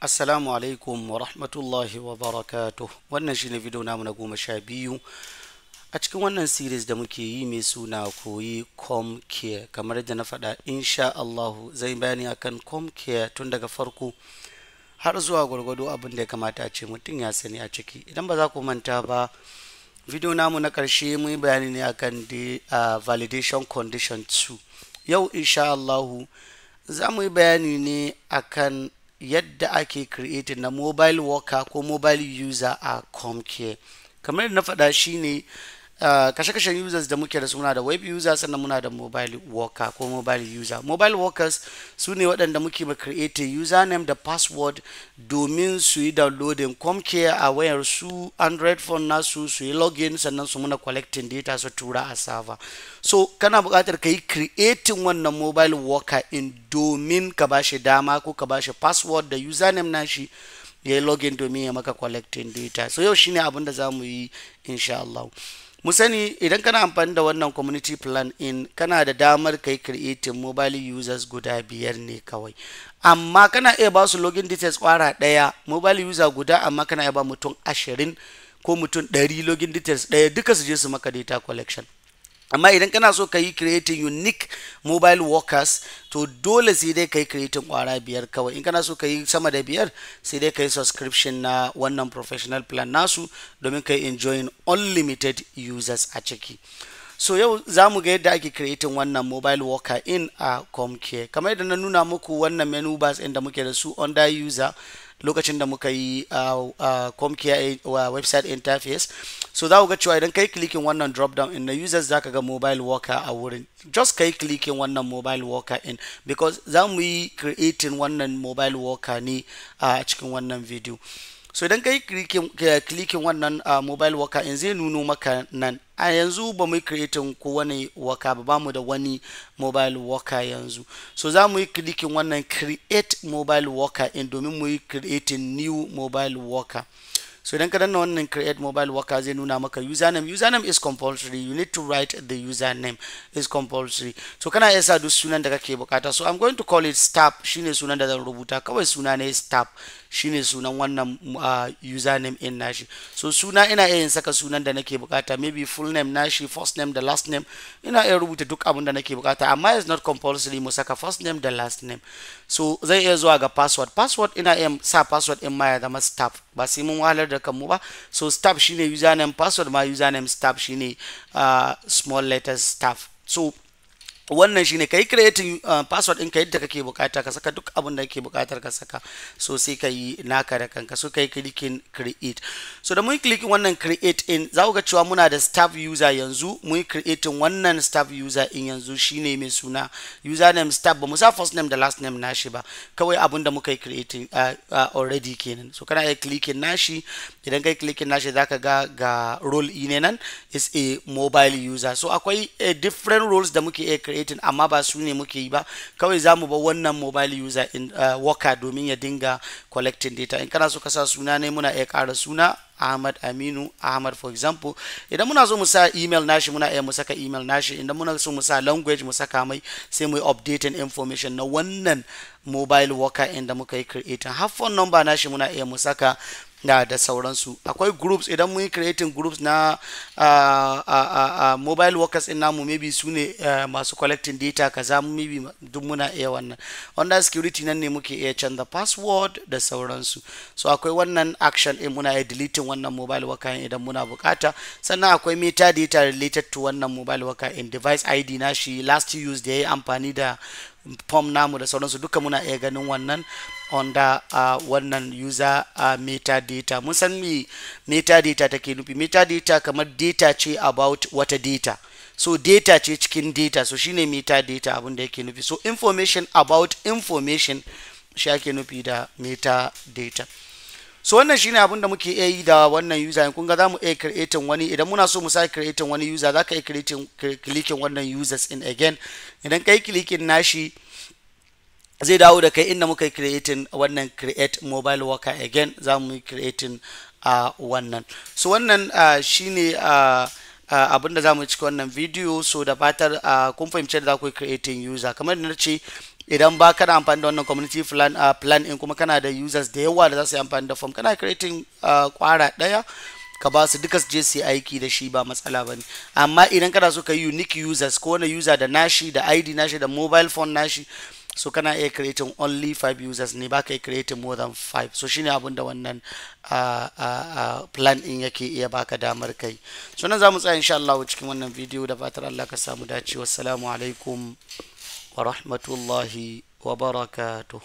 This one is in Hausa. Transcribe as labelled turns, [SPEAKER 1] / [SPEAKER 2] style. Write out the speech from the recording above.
[SPEAKER 1] Assalamu alaikum wa rahmatullahi wa barakatuh wannan shine video namu na goma sha biyu a cikin wannan series da muke yi mai suna koyi comcare kamar yadda na faɗa insha Allahu zai bayani akan comcare tun daga farko har zuwa gwargwado abin da ya kamata a ce mutum ya sani a ciki idan ba za ku manta ba video namu na ƙarshe mun yi bayani ne akan de uh, validation condition 2 yau insha Allahu za mu yi bayani ne akan yadda ake creating na mobile worker ko mobile user a comcare kamar da na faɗa shine Eh, kashe-kashen users da muke da su muna da web users sannan muna da mobile worker ko mobile user mobile workers su ne waɗanda muke ma create username da password domin su yi downloading comcare a wayar su android phone nasu su yi login sannan su muna collecting data su tura a server so kana buƙatar ka yi creating wannan mobile worker in domin ka ba shi dama ko ka ba shi password da username nashi ya yi login domin ya maka collecting data so yau shine abin da za mu yi insha Allah. mu sani idan kana amfani da wannan community plan in kana da damar kai creating mobile users guda biyar ne kawai amma kana iya ba su login details kwara daya mobile user guda amma kana iya ba mutum ashirin ko mutum ɗari login details ɗaya duka su je su maka data collection amma idan kana so ka yi creating unique mobile workers to dole sai dai ka yi creating kwara biyar kawai in kana so ka yi sama da biyar sai dai ka yi subscription na wannan professional plan nasu domin ka yi enjoying unlimited users a ciki so yau za mu ga yadda ake creating wannan mobile worker in a comcare kamar yadda na nuna muku wannan menu bars inda muke da su under user lokacin da muka yi uh, uh comcare uh, website interface so za ku ga cewa idan kai clicking wannan drop down in na users zaka ga mobile worker a wurin just kai clicking wannan mobile worker in because za mu yi creating wannan mobile worker ne a cikin wannan video so idan kai clicking wannan mobile worker in zai nuno maka nan a yanzu ba mu yi creating ko wani worker ba ba mu da wani mobile worker yanzu so za mu yi clicking wannan create mobile worker in domin mu yi creating new mobile worker so idan ka danna wannan create mobile worker zai nuna maka username username is compulsory you need to write the username is compulsory so kana iya sa duk sunan da kake bukata so i'm going to call it stap shine sunan da zan rubuta kawai suna ne stap shine sunan wannan uh, username in nashi so suna ina iya yin saka sunan da nake bukata maybe full name nashi first name da last name ina iya rubuta duk abin da nake bukata amma is not compulsory mu saka first name da last name so zai iya zuwa ga password password ina iya sa password in ma ya zama stap ba sai mun wahalar da kanmu ba so staff shine username password ma username staff shine uh, small letters staff so wannan shine kai creating uh, password ɗinka yadda kake bukata ka saka duk abin da kake bukatar ka saka so sai ka yi naka da kanka so kai clicking create so da mun clicking wannan create in za ku ga cewa muna da staff user yanzu mun creating wannan staff user in yanzu shine mai suna username staff ba mu sa first name da last name nashi ba kawai abin da muka yi creating uh, uh, already kenan so kana iya clicking nashi idan kai clicking nashi ka ga ga role ne nan is a mobile user so akwai eh, different roles da muke iya creating amma ba su ne muke yi ba kawai za mu ba wannan mobile user in uh, worker domin ya dinga collecting data in kana so ka sa suna ne muna iya ƙara suna Ahmad Aminu Ahmad for example idan muna so mu sa email nashi muna iya mu saka email nashi idan muna so mu sa language mu saka mai sai mu update updating information na wannan mobile worker inda muka yi creating har phone number nashi muna iya mu saka da da sauransu akwai groups idan mun creating groups na uh, uh, uh, mobile workers din namu maybe su ne masu collecting data kaza maybe duk muna iya wannan under security nan ne muke iya canza password da sauransu so akwai wannan action in muna iya deleting wannan mobile worker idan muna bukata sannan akwai data related to wannan mobile worker in device id na shi last use da ya amfani da form namu da sauransu duka muna iya ganin wannan onda uh, wannan user uh, data mun san me metadata take nufi metadata kamar data ce about wata data so data ce cikin data so shine metadata abin da yake nufi so information about information shi ake nufi da metadata so wannan shine abin da muke iya yi da wannan user kun ga zamu iya creating wani idan muna so mu sa creating wani user zaka iya creating clicking wannan users in again idan kai clicking nashi zai dawo da kai inda muka creating wannan create mobile worker again zamu yi creating a uh, wannan so wannan uh, shine uh, Uh, abinda za mu cika wannan video so da fatar uh, kun fahimci da za ku yi creating user kamar da na ce idan ba kana amfani da wannan community plan uh, plan in kuma kana da users da yawa da za su yi amfani da form kana creating uh, kwara daya ka ba su duka su je su aiki da shi ba matsala ba ne amma idan kana so ka yi unique users ko wani user da nashi da id nashi da mobile phone nashi so kana iya creating only five users ne baka iya creating more than five so shine abin da wannan uh, uh, uh, plan in yake iya baka damar kai so nan zamu tsaya insha Allah cikin wannan video da fatar Allah ka samu dace wassalamu alaikum wa rahmatullahi wa barakatuh